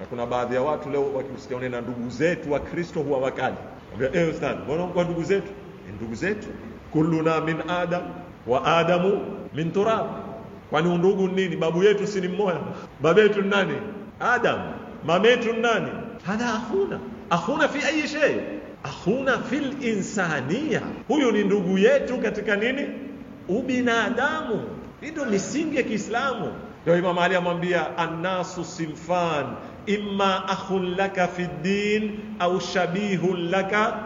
Na kuna baadhi ya watu leo wakisikia na ndugu zetu wa Kristo huwa wakali ambia, eh, ustadhi, mbona kwa ndugu zetu ndugu zetu, kulluna min adam wa adamu min turab. Kwani undugu nini? Babu yetu si ni mmoja? Babu yetu nani? Adam. Mama yetu nani? Hada akhuna akhuna fi ayi shay, akhuna fil insania. Huyu ni ndugu yetu katika nini? Ubinadamu. Ndio misingi ya Kiislamu. Ndio Imam Ali amwambia annasu sinfan imma akhun laka fid din au shabihun laka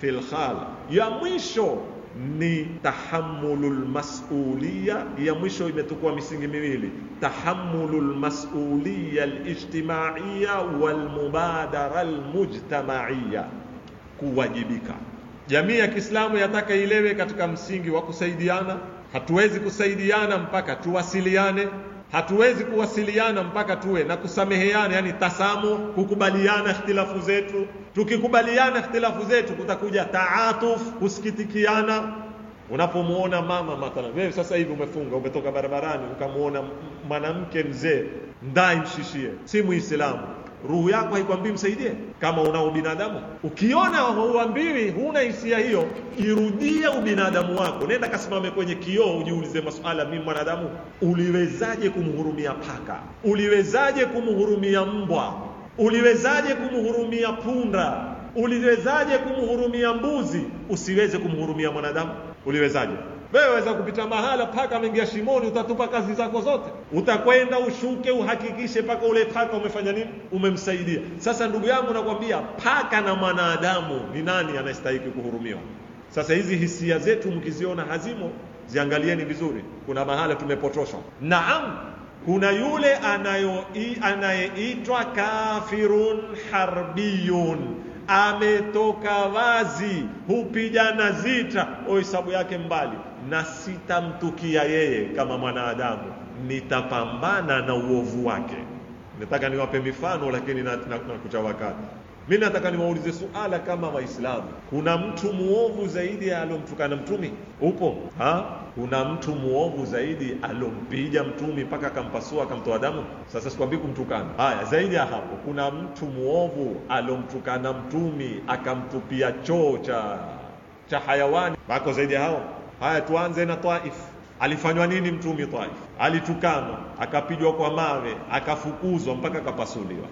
fil khala ya mwisho ni tahammulul masuliya. Ya mwisho imetukua misingi miwili, tahammulul masuliya alijtimaiya wal mubadara almujtamaiya, kuwajibika. Jamii ya Kiislamu yataka ilewe katika msingi wa kusaidiana. Hatuwezi kusaidiana mpaka tuwasiliane hatuwezi kuwasiliana mpaka tuwe na kusameheana, yani tasamu, kukubaliana ikhtilafu zetu. Tukikubaliana ikhtilafu zetu, kutakuja taatuf, kusikitikiana. Unapomuona mama mathalan, wewe sasa hivi umefunga, umetoka barabarani, ukamuona mwanamke mzee, ndai mshishie, si Muislamu Ruhu yako haikwambii msaidie? Kama unao ubinadamu, ukiona huambiwi, huna hisia hiyo, jirudie ubinadamu wako, nenda kasimame kwenye kioo, ujiulize masuala, mimi mwanadamu, uliwezaje kumhurumia paka? Uliwezaje kumhurumia mbwa? Uliwezaje kumhurumia punda? Uliwezaje kumhurumia mbuzi? Usiweze kumhurumia mwanadamu, uliwezaje? Wewe waweza kupita mahala paka ameingia shimoni, utatupa kazi zako zote, utakwenda ushuke, uhakikishe paka ule paka umefanya nini, umemsaidia. Sasa ndugu yangu, nakwambia paka na mwanadamu ni nani anastahili kuhurumiwa? Sasa hizi hisia zetu mkiziona hazimo, ziangalieni vizuri, kuna mahala tumepotoshwa. Naam, kuna yule anayeitwa kafirun harbiyun ametoka wazi, hupijana zita, o hesabu yake mbali na sitamtukia yeye kama mwanadamu, nitapambana na uovu wake. Nataka niwape mifano, lakini nakucha wakati. Mimi nataka niwaulize suala kama Waislamu, kuna mtu muovu zaidi ya alomtukana mtumi? Upo ha? Kuna mtu muovu zaidi alompiga mtumi mpaka akampasua akamtoa damu? Sasa sikwambii kumtukana. Haya, zaidi ya hapo, kuna mtu muovu alomtukana mtumi akamtupia choo cha cha hayawani? Wako zaidi ya hao? Haya, tuanze na Taif. Alifanywa nini mtumi Taif? Alitukanwa, akapigwa kwa mawe, akafukuzwa mpaka akapasuliwa,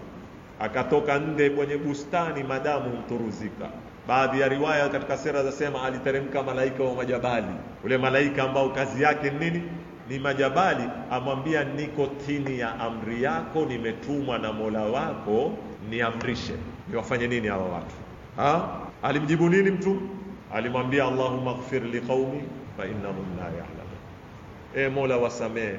akatoka nje kwenye bustani madamu mturuzika. Baadhi ya riwaya katika sera zasema aliteremka malaika wa majabali, ule malaika ambao kazi yake nini? Ni majabali, amwambia niko chini ya amri yako, nimetumwa na Mola wako niamrishe niwafanye nini hawa watu ha? Alimjibu nini mtume alimwambia Allahumma ighfir liqaumi fa innahum la ya'lamun, e Mola wasamee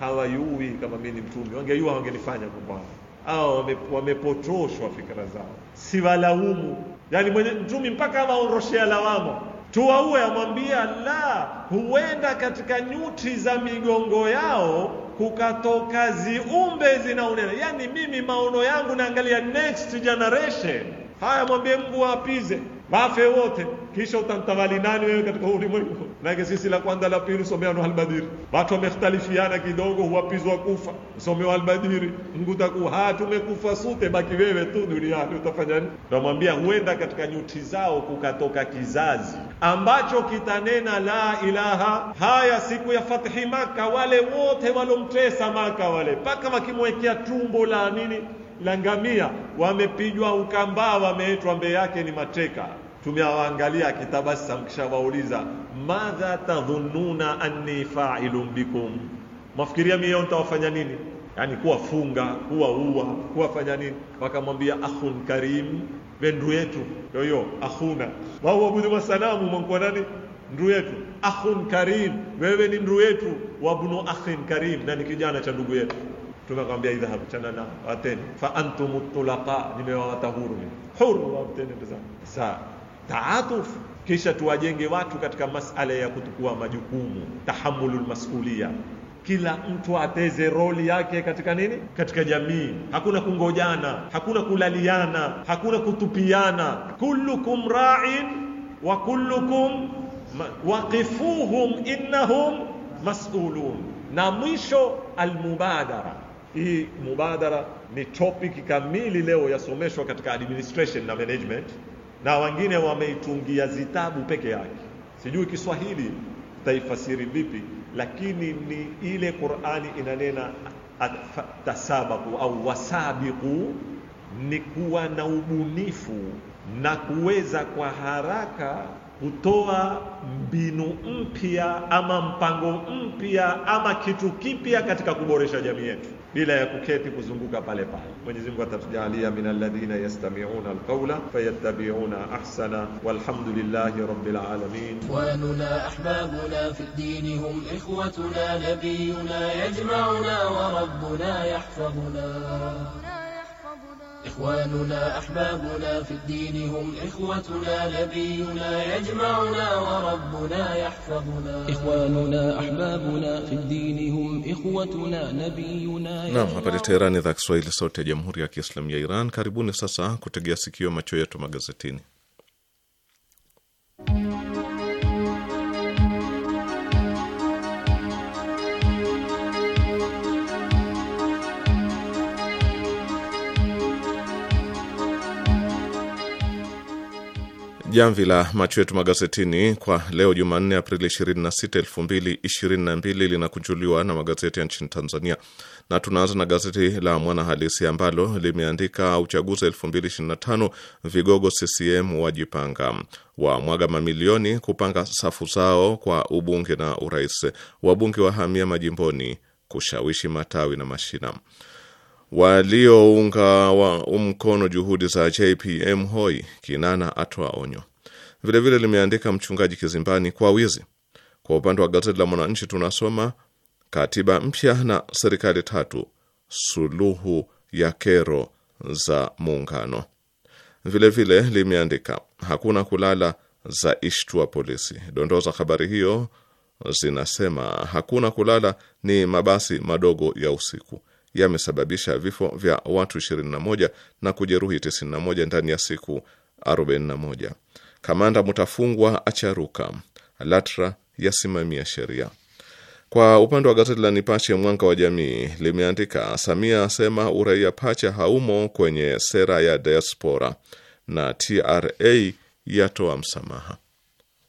hawayui kama mimi ni mtume, wangejua wangenifanya kwa au wamepotoshwa fikra zao, siwalaumu. Yani mwenye mtumi mpaka awaondoshea lawama, tuwaue, amwambia la, huenda katika nyuti za migongo yao kukatoka ziumbe zinaonena. Yani mimi maono yangu naangalia next generation. Haya, mwambie Mungu waapize wafe wote, kisha utamtawali nani wewe katika ulimwengu? Maanake sisi la kwanza la pili na Albadiri, watu wamehtalifiana kidogo, huwapizwa kufa. usomea Albadiri, Mungu takuha tumekufa sote, baki wewe tu duniani, utafanya nini? Namwambia huenda katika nyuti zao kukatoka kizazi ambacho kitanena la ilaha. Haya siku ya fathi Maka, wale wote walomtesa Maka wale, mpaka wakimwekea tumbo la nini la ngamia wamepijwa ukambaa, wameetwa mbele yake ni mateka. Tumewaangalia akitabasa, mkishawauliza madha tadhununa anni fa'ilun bikum, mwafikiria mimi leo nitawafanya nini? Yani kuwafunga kuwaua kuwa nini? Wakamwambia akhun karim, wendu yetu yoyo akhuna wao wabudu wasalamu mwankuwa nani ndu yetu akhun karim, wewe ni ndu yetu wabnu akhin karim, na ni kijana cha ndugu yetu Mtume akamwambia idhhabu, chana na wateni. Fa antum tulaqa, nimewawata huru mimi, huru wateni ndugu zangu. Sasa taatuf kisha tuwajenge watu katika masala ya kutukua majukumu, tahamulul masulia, kila mtu ateze roli yake katika nini, katika jamii. Hakuna kungojana, hakuna kulaliana, hakuna kutupiana. kullukum ra'in wa kullukum waqifuhum innahum mas'ulun. Na mwisho almubadara, hii mubadara ni topic kamili leo yasomeshwa katika administration na management, na wengine wameitungia zitabu peke yake. Sijui Kiswahili taifasiri vipi, lakini ni ile Qur'ani inanena tasabaku au wasabiqu, ni kuwa na ubunifu na kuweza kwa haraka kutoa mbinu mpya ama mpango mpya ama kitu kipya katika kuboresha jamii yetu. bila ya kuketi kuzunguka pale pale. Mwenyezi Mungu atatujalia min alladhina yastami'una alqawla fayattabi'una ahsana walhamdulillahi rabbil alamin. Wa Wanuna ahbabuna fid din hum ikhwatuna nabiyuna yajma'una wa rabbuna yahfazuna إخواننا أحبابنا في الدين هم إخوتنا نبينا يجمعنا وربنا يحفظنا إخواننا أحبابنا في الدين هم إخوتنا نبينا Naam, hapa ni Teherani, idhaa Kiswahili, sauti ya Jamhuri ya Kiislamu ya Iran. Karibuni sasa kutegea sikio macho yetu magazetini. jamvi la macho yetu magazetini kwa leo Jumanne, Aprili 26, 2022 linakunjuliwa na magazeti ya nchini Tanzania, na tunaanza na gazeti la mwana halisi ambalo limeandika uchaguzi 2025 vigogo CCM wajipanga, wa mwaga mamilioni kupanga safu zao kwa ubunge na urais, wabunge wahamia majimboni kushawishi matawi na mashina waliounga wa mkono juhudi za JPM hoi. Kinana atoa onyo. Vilevile limeandika mchungaji kizimbani kwa wizi. Kwa upande wa gazeti la Mwananchi tunasoma katiba mpya na serikali tatu, suluhu ya kero za muungano. Vilevile limeandika hakuna kulala za ishtua polisi. Dondoo za habari hiyo zinasema hakuna kulala ni mabasi madogo ya usiku yamesababisha vifo vya watu 21 na kujeruhi 91 ndani ya siku 41. Kamanda Mutafungwa acharuka, LATRA yasimamia sheria. Kwa upande wa gazeti la Nipashe Mwanga wa Jamii limeandika Samia asema uraia pacha haumo kwenye sera ya diaspora na TRA yatoa msamaha.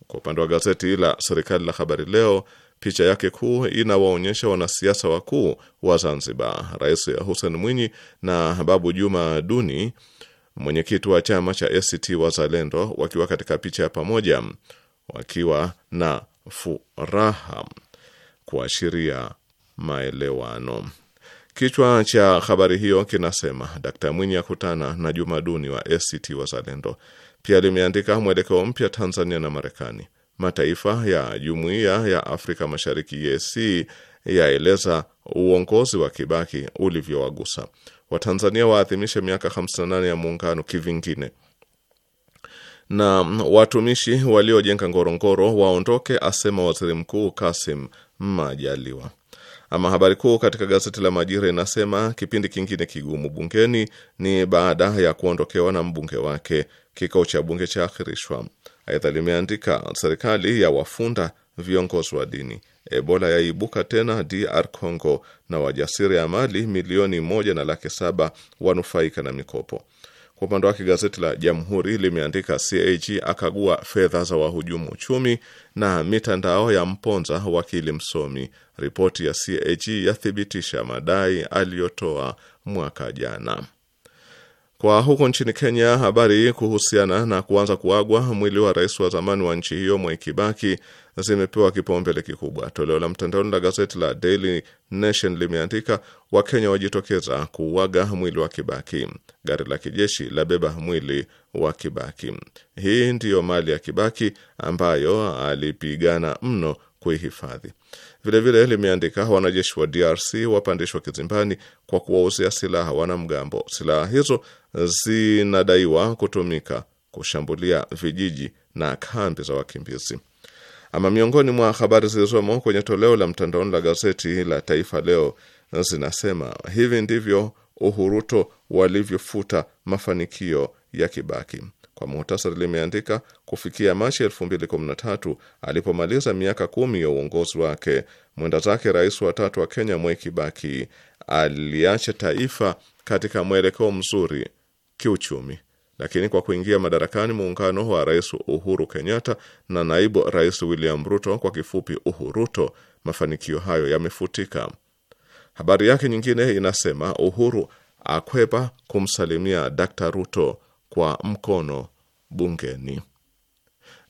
Kwa upande wa gazeti la serikali la Habari Leo Picha yake kuu inawaonyesha wanasiasa wakuu wa Zanzibar, Rais Hussein Mwinyi na Babu Juma Duni, mwenyekiti wa chama cha ACT Wazalendo, wakiwa katika picha ya pamoja, wakiwa na furaha kuashiria maelewano. Kichwa cha habari hiyo kinasema Dkt Mwinyi akutana na Juma Duni wa ACT Wazalendo. Pia limeandika mwelekeo mpya Tanzania na Marekani mataifa ya jumuiya ya Afrika Mashariki EAC yaeleza uongozi wa Kibaki ulivyowagusa Watanzania. Waadhimishe miaka 58 ya muungano kivingine, na watumishi waliojenga Ngorongoro waondoke, asema waziri mkuu Kasim Majaliwa. Ama habari kuu katika gazeti la Majira inasema kipindi kingine kigumu bungeni ni baada ya kuondokewa na mbunge wake, kikao cha bunge cha akhirishwa. Aidha limeandika serikali ya wafunda viongozi wa dini, Ebola yaibuka tena DR Congo, na wajasiri ya mali milioni moja na laki saba wanufaika na mikopo. Kwa upande wake gazeti la Jamhuri limeandika CAG akagua fedha za wahujumu uchumi na mitandao ya mponza wakili msomi. Ripoti ya CAG yathibitisha madai aliyotoa mwaka jana. Kwa huko nchini Kenya, habari kuhusiana na kuanza kuagwa mwili wa rais wa zamani wa nchi hiyo Mwai Kibaki zimepewa kipaumbele kikubwa. Toleo la mtandaoni la gazeti la Daily Nation limeandika Wakenya wajitokeza kuuaga mwili wa Kibaki, gari la kijeshi labeba mwili wa Kibaki. Hii ndiyo mali ya Kibaki ambayo alipigana mno kuihifadhi. Vilevile limeandika wanajeshi wa DRC wapandishwa kizimbani kwa kuwauzia silaha wanamgambo. Silaha hizo zinadaiwa kutumika kushambulia vijiji na kambi za wakimbizi. Ama miongoni mwa habari zilizomo kwenye toleo la mtandaoni la gazeti la Taifa Leo zinasema hivi ndivyo Uhuruto walivyofuta mafanikio ya Kibaki. Kwa muhtasari, limeandika kufikia Machi 2013 alipomaliza miaka kumi ya uongozi wake, mwenda zake rais wa tatu wa Kenya Mwai Kibaki aliacha taifa katika mwelekeo mzuri kiuchumi, lakini kwa kuingia madarakani muungano wa Rais Uhuru Kenyatta na naibu Rais William Ruto, kwa kifupi Uhuruto, mafanikio hayo yamefutika. Habari yake nyingine inasema Uhuru akwepa kumsalimia Dr. Ruto kwa mkono bungeni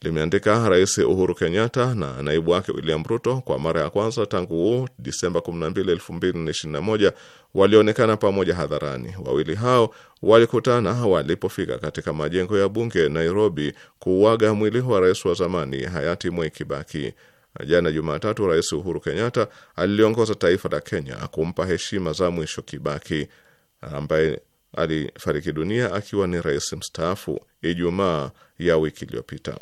limeandika Rais Uhuru Kenyatta na naibu wake William Ruto kwa mara ya kwanza tangu Disemba 12, 2021 walionekana pamoja hadharani. Wawili hao walikutana walipofika katika majengo ya bunge Nairobi kuuaga mwili wa rais wa zamani hayati Mwai Kibaki. Jana Jumatatu, Rais Uhuru Kenyatta aliliongoza taifa la Kenya kumpa heshima za mwisho Kibaki ambaye alifariki dunia akiwa ni rais mstaafu Ijumaa ya wiki iliyopita.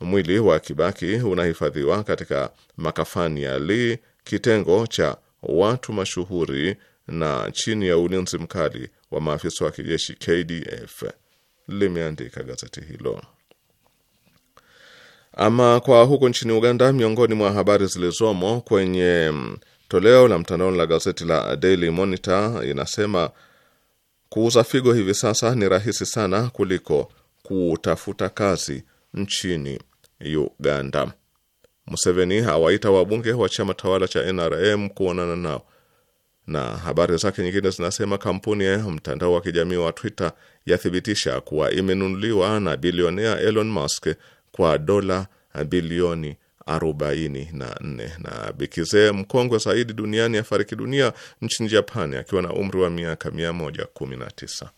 Mwili wa Kibaki unahifadhiwa katika makafani ya Lee, kitengo cha watu mashuhuri, na chini ya ulinzi mkali wa maafisa wa kijeshi KDF, limeandika gazeti hilo. Ama kwa huko nchini Uganda, miongoni mwa habari zilizomo kwenye mm, toleo la mtandaoni la gazeti la Daily Monitor inasema kuuza figo hivi sasa ni rahisi sana kuliko kutafuta kazi nchini Uganda. Museveni awaita wabunge wa chama tawala cha NRM kuonana nao. Na habari zake nyingine zinasema kampuni ya mtandao wa kijamii wa Twitter yathibitisha kuwa imenunuliwa na bilionea Elon Musk kwa dola bilioni 44. Na bikizee mkongwe zaidi duniani afariki dunia nchini Japani akiwa na umri wa miaka 119.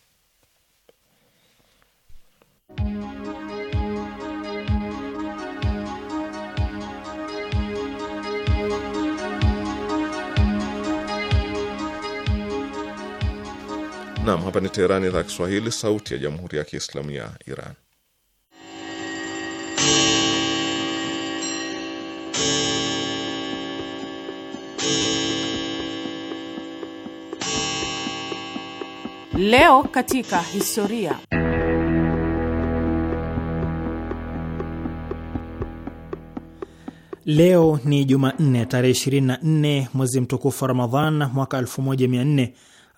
Naam, hapa ni Teherani, idhaa Kiswahili, sauti ya jamhuri ya kiislamu ya Iran. Leo katika historia. Leo ni Jumanne tarehe 24 mwezi mtukufu wa Ramadhan mwaka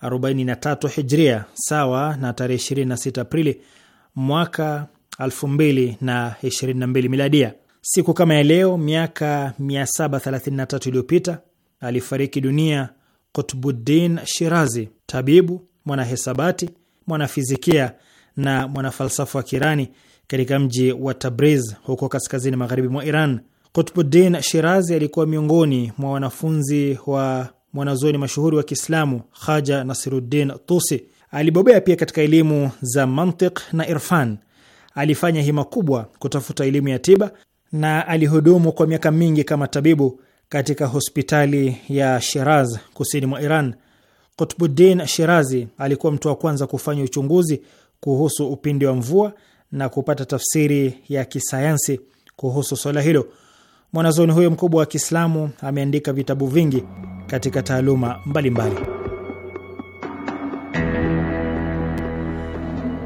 43 hijria sawa na tarehe 26 Aprili mwaka 2022 miladia. Siku kama ya leo miaka 733 iliyopita alifariki dunia Kutbuddin Shirazi, tabibu, mwanahesabati, mwanafizikia na mwanafalsafa wa Kirani katika mji wa Tabriz huko kaskazini magharibi mwa Iran. Kutbuddin Shirazi alikuwa miongoni mwa wanafunzi wa mwanazuoni mashuhuri wa Kiislamu Haja Nasiruddin Tusi. Alibobea pia katika elimu za mantiq na irfan. Alifanya hima kubwa kutafuta elimu ya tiba na alihudumu kwa miaka mingi kama tabibu katika hospitali ya Shiraz kusini mwa Iran. Kutbuddin Shirazi alikuwa mtu wa kwanza kufanya uchunguzi kuhusu upinde wa mvua na kupata tafsiri ya kisayansi kuhusu swala hilo. mwanazoni huyo mkubwa wa Kiislamu ameandika vitabu vingi katika taaluma mbalimbali.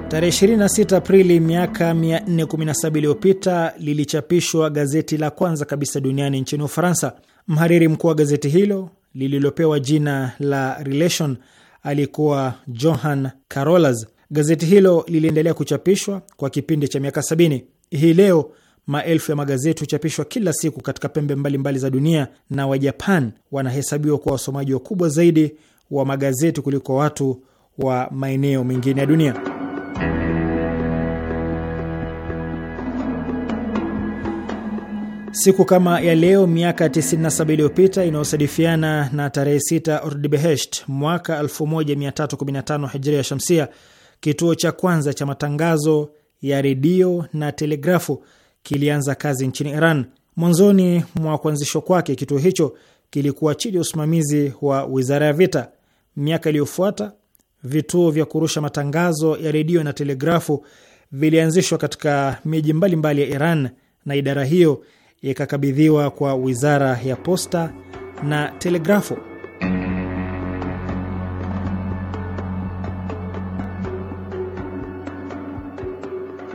Tarehe 26 Aprili miaka 417 iliyopita lilichapishwa gazeti la kwanza kabisa duniani nchini Ufaransa. Mhariri mkuu wa gazeti hilo lililopewa jina la Relation alikuwa Johan Carolas. Gazeti hilo liliendelea kuchapishwa kwa kipindi cha miaka 70. Hii leo maelfu ya magazeti huchapishwa kila siku katika pembe mbalimbali mbali za dunia, na Wajapan wanahesabiwa kuwa wasomaji wakubwa zaidi wa magazeti kuliko watu wa maeneo mengine ya dunia. Siku kama ya leo miaka 97 iliyopita inayosadifiana na tarehe 6 Ordibehesht mwaka 1315 Hijria Shamsia, kituo cha kwanza cha matangazo ya redio na telegrafu kilianza kazi nchini Iran. Mwanzoni mwa kuanzishwa kwake, kituo hicho kilikuwa chini ya usimamizi wa wizara ya vita. Miaka iliyofuata, vituo vya kurusha matangazo ya redio na telegrafu vilianzishwa katika miji mbalimbali ya Iran na idara hiyo ikakabidhiwa kwa wizara ya posta na telegrafu.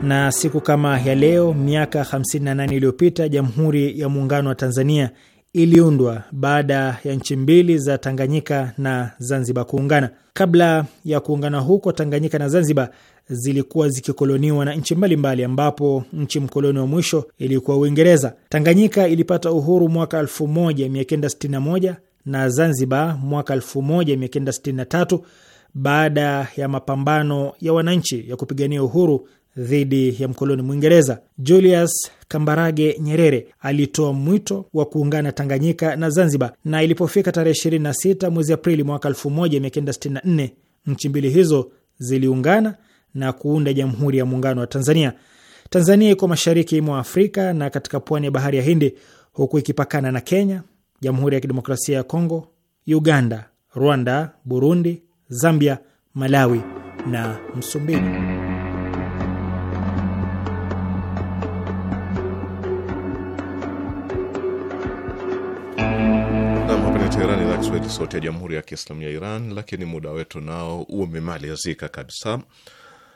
na siku kama ya leo miaka 58 iliyopita Jamhuri ya Muungano wa Tanzania iliundwa baada ya nchi mbili za Tanganyika na Zanzibar kuungana. Kabla ya kuungana huko, Tanganyika na Zanzibar zilikuwa zikikoloniwa na nchi mbalimbali, ambapo nchi mkoloni wa mwisho ilikuwa Uingereza. Tanganyika ilipata uhuru mwaka 1961 na Zanzibar mwaka 1963 baada ya mapambano ya wananchi ya kupigania uhuru dhidi ya mkoloni Mwingereza. Julius Kambarage Nyerere alitoa mwito wa kuungana Tanganyika na Zanzibar, na ilipofika tarehe 26 mwezi Aprili mwaka 1964 nchi mbili hizo ziliungana na kuunda Jamhuri ya Muungano wa Tanzania. Tanzania iko mashariki mwa Afrika na katika pwani ya bahari ya Hindi, huku ikipakana na Kenya, Jamhuri ya Kidemokrasia ya Kongo, Uganda, Rwanda, Burundi, Zambia, Malawi na Msumbiji. Teherani, idhaa Kiswahili, sauti ya jamhuri ya kiislamu ya Iran. Lakini muda wetu nao umemalizika kabisa.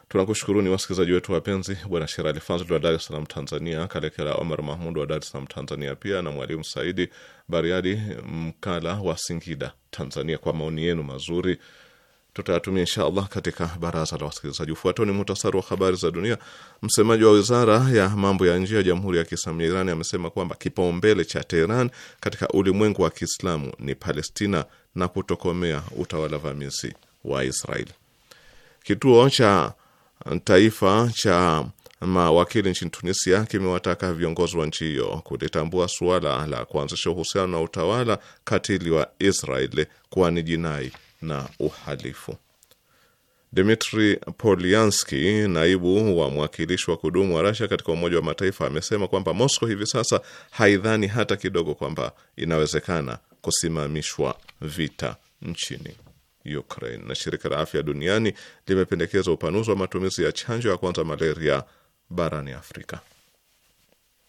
Tunakushukuruni wasikilizaji wetu wapenzi, Bwana Sherali Fazl wa Dar es Salaam Tanzania, Kalekela Omar Mahmud wa Dar es Salaam Tanzania pia na Mwalimu Saidi Bariadi Mkala wa Singida Tanzania, kwa maoni yenu mazuri tutayatumia insha allah katika baraza la wasikilizaji. Ufuatao ni muhtasari wa habari za dunia. Msemaji wa wizara ya mambo ya nje ya Jamhuri ya Kiislamu ya Iran amesema kwamba kipaumbele cha Teheran katika ulimwengu wa Kiislamu ni Palestina na kutokomea utawala vamizi wa Israel. Kituo cha taifa cha mawakili nchini Tunisia kimewataka viongozi wa nchi hiyo kulitambua suala la kuanzisha uhusiano na utawala katili wa Israel kuwa ni jinai na uhalifu. Dmitri polianski naibu wa mwakilishi wa kudumu wa rasia katika Umoja wa Mataifa, amesema kwamba Moscow hivi sasa haidhani hata kidogo kwamba inawezekana kusimamishwa vita nchini Ukraine. Na shirika la afya duniani limependekeza upanuzi wa matumizi ya chanjo ya kwanza malaria barani Afrika.